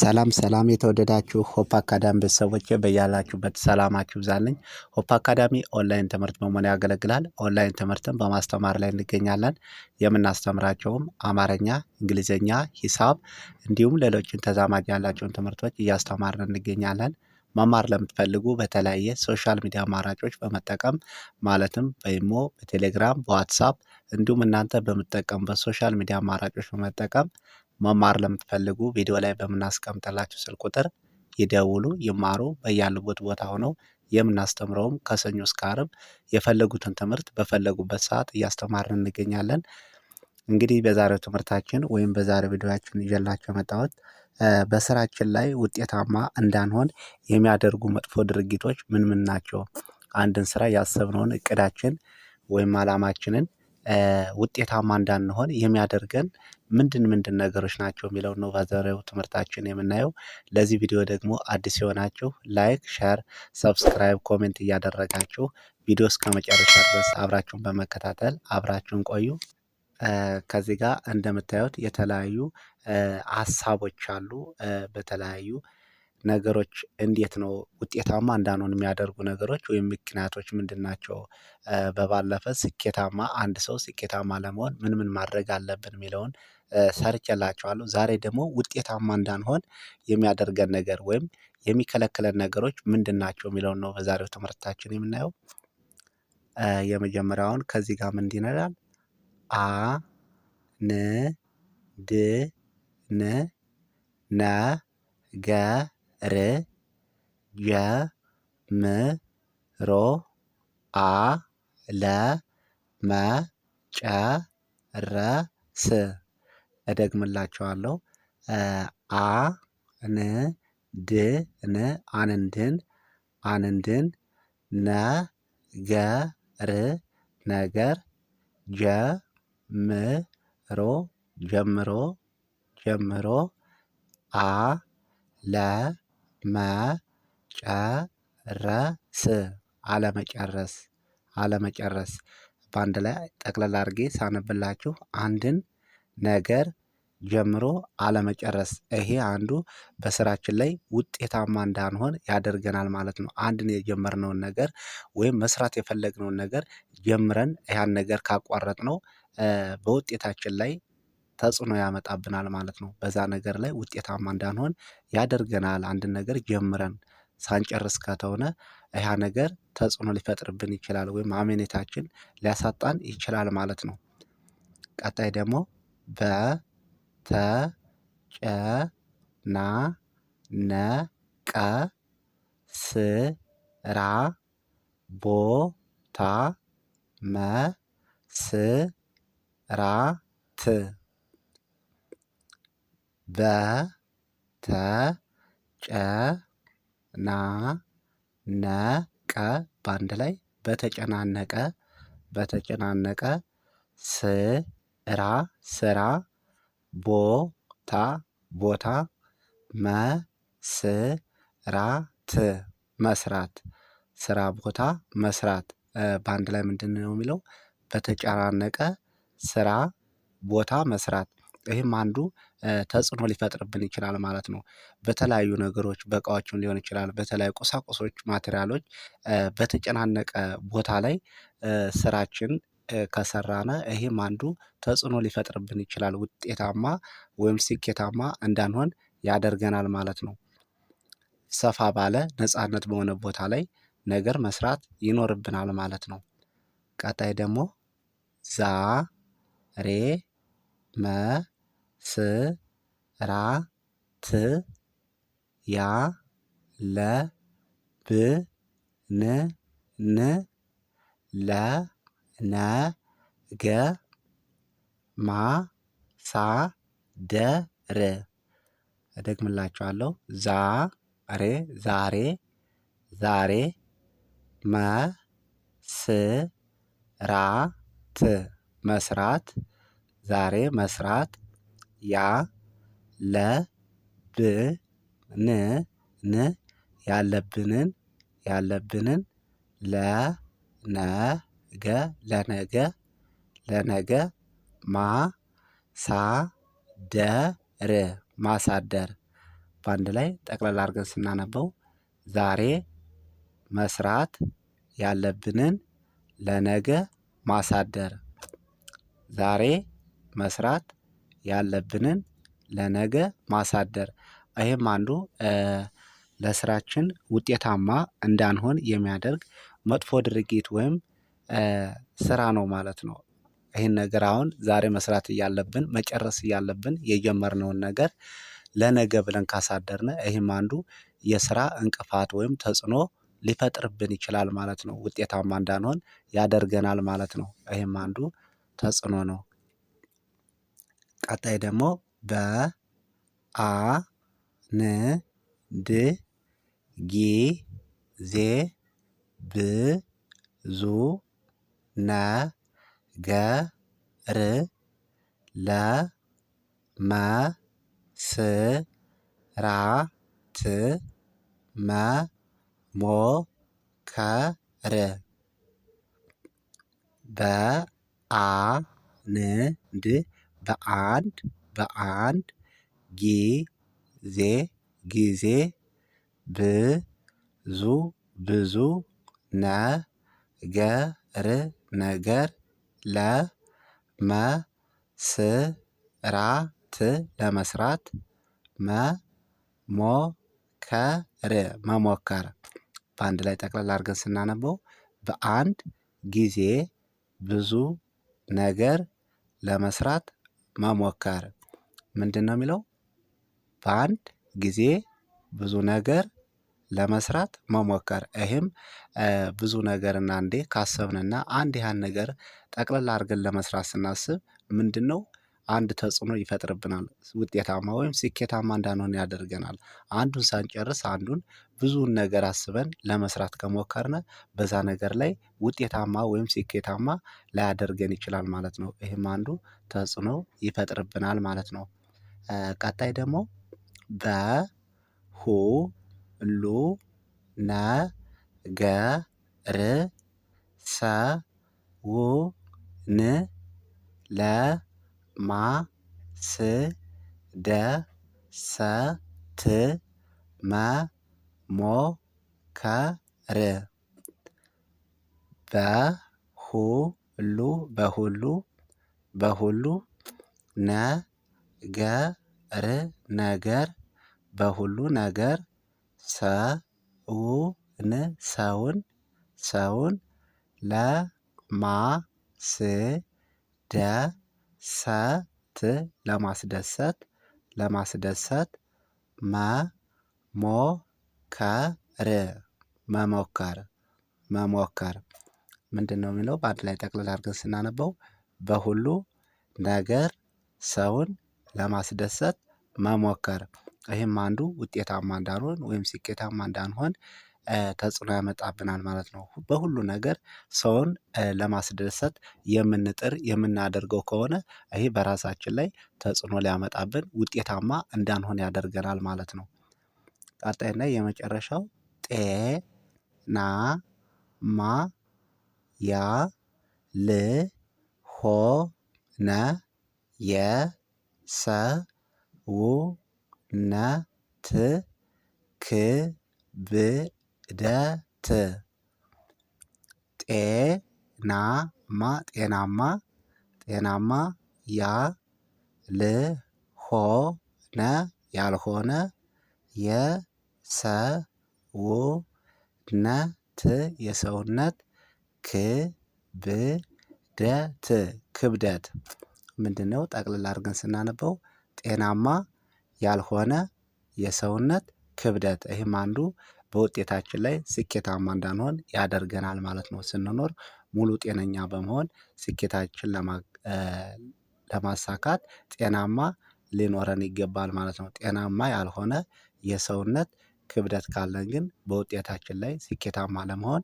ሰላም ሰላም የተወደዳችሁ ሆፕ አካዳሚ ቤተሰቦች በያላችሁበት ሰላማችሁ ብዛልኝ። ሆፕ አካዳሚ ኦንላይን ትምህርት በመሆን ያገለግላል። ኦንላይን ትምህርትን በማስተማር ላይ እንገኛለን። የምናስተምራቸውም አማርኛ፣ እንግሊዝኛ፣ ሂሳብ እንዲሁም ሌሎችን ተዛማጅ ያላቸውን ትምህርቶች እያስተማርን እንገኛለን። መማር ለምትፈልጉ በተለያየ ሶሻል ሚዲያ አማራጮች በመጠቀም ማለትም በኢሞ፣ በቴሌግራም፣ በዋትሳፕ እንዲሁም እናንተ በምትጠቀሙበት ሶሻል ሚዲያ አማራጮች በመጠቀም መማር ለምትፈልጉ ቪዲዮ ላይ በምናስቀምጥላችሁ ስልክ ቁጥር ይደውሉ፣ ይማሩ። በያሉበት ቦታ ሆነው የምናስተምረውም ከሰኞ እስከ ዓርብ የፈለጉትን ትምህርት በፈለጉበት ሰዓት እያስተማርን እንገኛለን። እንግዲህ በዛሬው ትምህርታችን ወይም በዛሬው ቪዲዮችን ይዤላችሁ የመጣሁት በስራችን ላይ ውጤታማ እንዳንሆን የሚያደርጉ መጥፎ ድርጊቶች ምን ምን ናቸው? አንድን ስራ ያሰብነውን እቅዳችን ወይም አላማችንን ውጤታማ እንዳንሆን የሚያደርገን ምንድን ምንድን ነገሮች ናቸው የሚለው ነው በዛሬው ትምህርታችን የምናየው። ለዚህ ቪዲዮ ደግሞ አዲስ የሆናችሁ ላይክ፣ ሸር፣ ሰብስክራይብ፣ ኮሜንት እያደረጋችሁ ቪዲዮ መጨረሻ ድረስ አብራችሁን በመከታተል አብራችሁን ቆዩ። ከዚህ ጋር እንደምታዩት የተለያዩ ሀሳቦች አሉ በተለያዩ ነገሮች እንዴት ነው ውጤታማ እንዳንሆን የሚያደርጉ ነገሮች ወይም ምክንያቶች ምንድን ናቸው? በባለፈ ስኬታማ አንድ ሰው ስኬታማ ለመሆን ምን ምን ማድረግ አለብን የሚለውን ሰርቼላችኋለሁ። ዛሬ ደግሞ ውጤታማ እንዳንሆን የሚያደርገን ነገር ወይም የሚከለክለን ነገሮች ምንድን ናቸው የሚለውን ነው በዛሬው ትምህርታችን የምናየው። የመጀመሪያውን ከዚህ ጋር ምንድን ይላል? አ ን ድ ን ነ ገ ር ጀ ም ሮ አ ለ መ ጨ ረ ስ እደግምላቸዋለሁ። አ ን ድ ን አንንድን አንንድን ነ ገ ር ነገር ጀ ም ሮ ጀምሮ ጀምሮ አ ለ መጨረስ አለመጨረስ አለመጨረስ በአንድ ላይ ጠቅለል አድርጌ ሳነብላችሁ አንድን ነገር ጀምሮ አለመጨረስ ይሄ አንዱ በስራችን ላይ ውጤታማ እንዳንሆን ያደርገናል ማለት ነው። አንድን የጀመርነውን ነገር ወይም መስራት የፈለግነውን ነገር ጀምረን ያን ነገር ካቋረጥ ነው። በውጤታችን ላይ ተጽዕኖ ያመጣብናል ማለት ነው። በዛ ነገር ላይ ውጤታማ እንዳንሆን ያደርገናል። አንድን ነገር ጀምረን ሳንጨርስ ከተሆነ ያ ነገር ተጽዕኖ ሊፈጥርብን ይችላል ወይም አመኔታችን ሊያሳጣን ይችላል ማለት ነው። ቀጣይ ደግሞ በተጨናነቀ ስራ ቦታ መስራት በተጨናነቀ በአንድ ላይ በተጨናነቀ በተጨናነቀ ስራ ስራ ቦታ ቦታ መስራት መስራት ስራ ቦታ መስራት በአንድ ላይ ምንድነው የሚለው? በተጨናነቀ ስራ ቦታ መስራት ይህም አንዱ ተጽዕኖ ሊፈጥርብን ይችላል ማለት ነው። በተለያዩ ነገሮች በእቃዎችም ሊሆን ይችላል በተለያዩ ቁሳቁሶች ማቴሪያሎች በተጨናነቀ ቦታ ላይ ስራችን ከሰራነ ይህም አንዱ ተጽዕኖ ሊፈጥርብን ይችላል ውጤታማ ወይም ስኬታማ እንዳንሆን ያደርገናል ማለት ነው። ሰፋ ባለ ነጻነት በሆነ ቦታ ላይ ነገር መስራት ይኖርብናል ማለት ነው። ቀጣይ ደግሞ ዛሬ። መስራት ያለብንን ለነገ ማሳደር እደግምላችኋለሁ ዛሬ ዛሬ ዛሬ መስራት መስራት ዛሬ መስራት ያ ለ ብ ን ን ያለብንን ያለብንን ለ ነ ገ ለነገ ለነገ ማ ሳ ደ ር ማሳደር በአንድ ላይ ጠቅላላ አድርገን ስናነበው ዛሬ መስራት ያለብንን ለነገ ማሳደር ዛሬ መስራት ያለብንን ለነገ ማሳደር ይህም አንዱ ለስራችን ውጤታማ እንዳንሆን የሚያደርግ መጥፎ ድርጊት ወይም ስራ ነው ማለት ነው። ይህን ነገር አሁን ዛሬ መስራት እያለብን መጨረስ እያለብን የጀመርነውን ነገር ለነገ ብለን ካሳደርን ይህም አንዱ የስራ እንቅፋት ወይም ተጽዕኖ ሊፈጥርብን ይችላል ማለት ነው ውጤታማ እንዳንሆን ያደርገናል ማለት ነው። ይህም አንዱ ተጽዕኖ ነው ቀጣይ ደግሞ በ አ ን ድ ጊ ዜ ብ ዙ ነ ገ ር ለ መ ስ ራ ት መ ሞ ከ ር በ አ ን ድ በአንድ በአንድ ጊዜ ጊዜ ብዙ ብዙ ነገር ነገር ለመስራት ለመስራት መሞከር መሞከር በአንድ ላይ ጠቅላላ አድርገን ስናነበው በአንድ ጊዜ ብዙ ነገር ለመስራት መሞከር ነው የሚለው? በአንድ ጊዜ ብዙ ነገር ለመስራት መሞከር ይህም ብዙ ነገርን እንዴ ካሰብንና አንድ ያህን ነገር ጠቅለል አድርገን ለመስራት ስናስብ ምንድን ነው? አንድ ተጽዕኖ ይፈጥርብናል ውጤታማ ወይም ስኬታማ እንዳንሆን ያደርገናል። አንዱን ሳንጨርስ አንዱን ብዙውን ነገር አስበን ለመስራት ከሞከርን በዛ ነገር ላይ ውጤታማ ወይም ስኬታማ ላያደርገን ይችላል ማለት ነው። ይህም አንዱ ተጽዕኖ ይፈጥርብናል ማለት ነው። ቀጣይ ደግሞ በ ሁ ሉ ነ ገ ለ ማ ስ ደ ሰ ት መ ሞ ከ ር በ ሁ ሉ በሁሉ በሁሉ ነ ገ ር ነገር በሁሉ ነገር ሰ ው ን ሰውን ሰውን ለ ማ ስ ደ ሰ ት ለማስደሰት ለማስደሰት መ ሞ ከ ር መሞከር መሞከር ምንድን ነው የሚለው? በአንድ ላይ ጠቅለል አድርገን ስናነበው በሁሉ ነገር ሰውን ለማስደሰት መሞከር ይህም አንዱ ውጤታማ እንዳንሆን ወይም ስኬታማ እንዳንሆን ተጽዕኖ ያመጣብናል ማለት ነው። በሁሉ ነገር ሰውን ለማስደሰት የምንጥር የምናደርገው ከሆነ ይሄ በራሳችን ላይ ተጽዕኖ ሊያመጣብን ውጤታማ እንዳንሆን ያደርገናል ማለት ነው። ቀጣይና የመጨረሻው ጤናማ ማ ያ ል ሆ ነ የ ሰ ው ነ ት ክ ብ ዕደት ጤናማ ጤናማ ጤናማ ያ ልሆነ ያልሆነ የሰውነት የሰውነት ክብደት ክብደት ምንድነው? ጠቅልል አድርገን ስናነበው ጤናማ ያልሆነ የሰውነት ክብደት ይህም አንዱ በውጤታችን ላይ ስኬታማ እንዳንሆን ያደርገናል ማለት ነው። ስንኖር ሙሉ ጤነኛ በመሆን ስኬታችን ለማሳካት ጤናማ ሊኖረን ይገባል ማለት ነው። ጤናማ ያልሆነ የሰውነት ክብደት ካለን ግን በውጤታችን ላይ ስኬታማ ለመሆን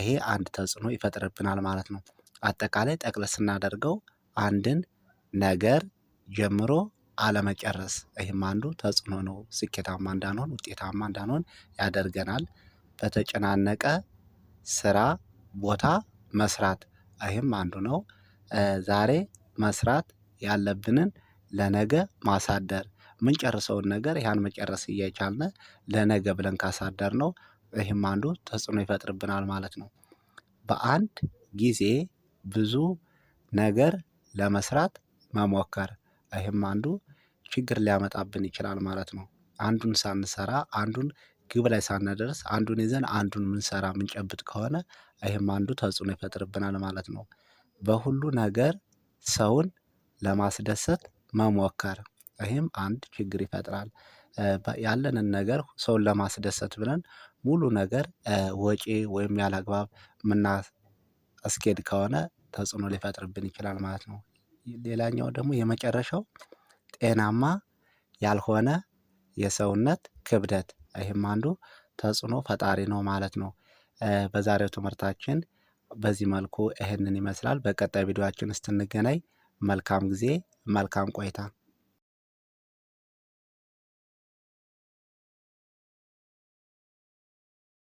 ይሄ አንድ ተጽዕኖ ይፈጥርብናል ማለት ነው። አጠቃላይ ጠቅለ ስናደርገው አንድን ነገር ጀምሮ አለመጨረስ ይህም አንዱ ተጽዕኖ ነው ስኬታማ እንዳንሆን ውጤታማ እንዳንሆን ያደርገናል። በተጨናነቀ ስራ ቦታ መስራት ይህም አንዱ ነው። ዛሬ መስራት ያለብንን ለነገ ማሳደር የምንጨርሰውን ነገር ያን መጨረስ እየቻልን ለነገ ብለን ነው ይህም አንዱ ተጽዕኖ ይፈጥርብናል ማለት ነው። በአንድ ጊዜ ብዙ ነገር ለመስራት መሞከር ይህም አንዱ ችግር ሊያመጣብን ይችላል ማለት ነው። አንዱን ሳንሰራ አንዱን ግብ ላይ ሳናደርስ አንዱን ይዘን አንዱን ምንሰራ ምንጨብጥ ከሆነ ይህም አንዱ ተጽዕኖ ይፈጥርብናል ማለት ነው። በሁሉ ነገር ሰውን ለማስደሰት መሞከር ይህም አንድ ችግር ይፈጥራል። ያለንን ነገር ሰውን ለማስደሰት ብለን ሙሉ ነገር ወጪ ወይም ያላግባብ ምናስኬድ ከሆነ ተጽዕኖ ሊፈጥርብን ይችላል ማለት ነው ሌላኛው ደግሞ የመጨረሻው ጤናማ ያልሆነ የሰውነት ክብደት ይህም አንዱ ተጽዕኖ ፈጣሪ ነው ማለት ነው። በዛሬው ትምህርታችን በዚህ መልኩ ይህንን ይመስላል በቀጣይ ቪዲዮችን እስክንገናኝ መልካም ጊዜ መልካም ቆይታ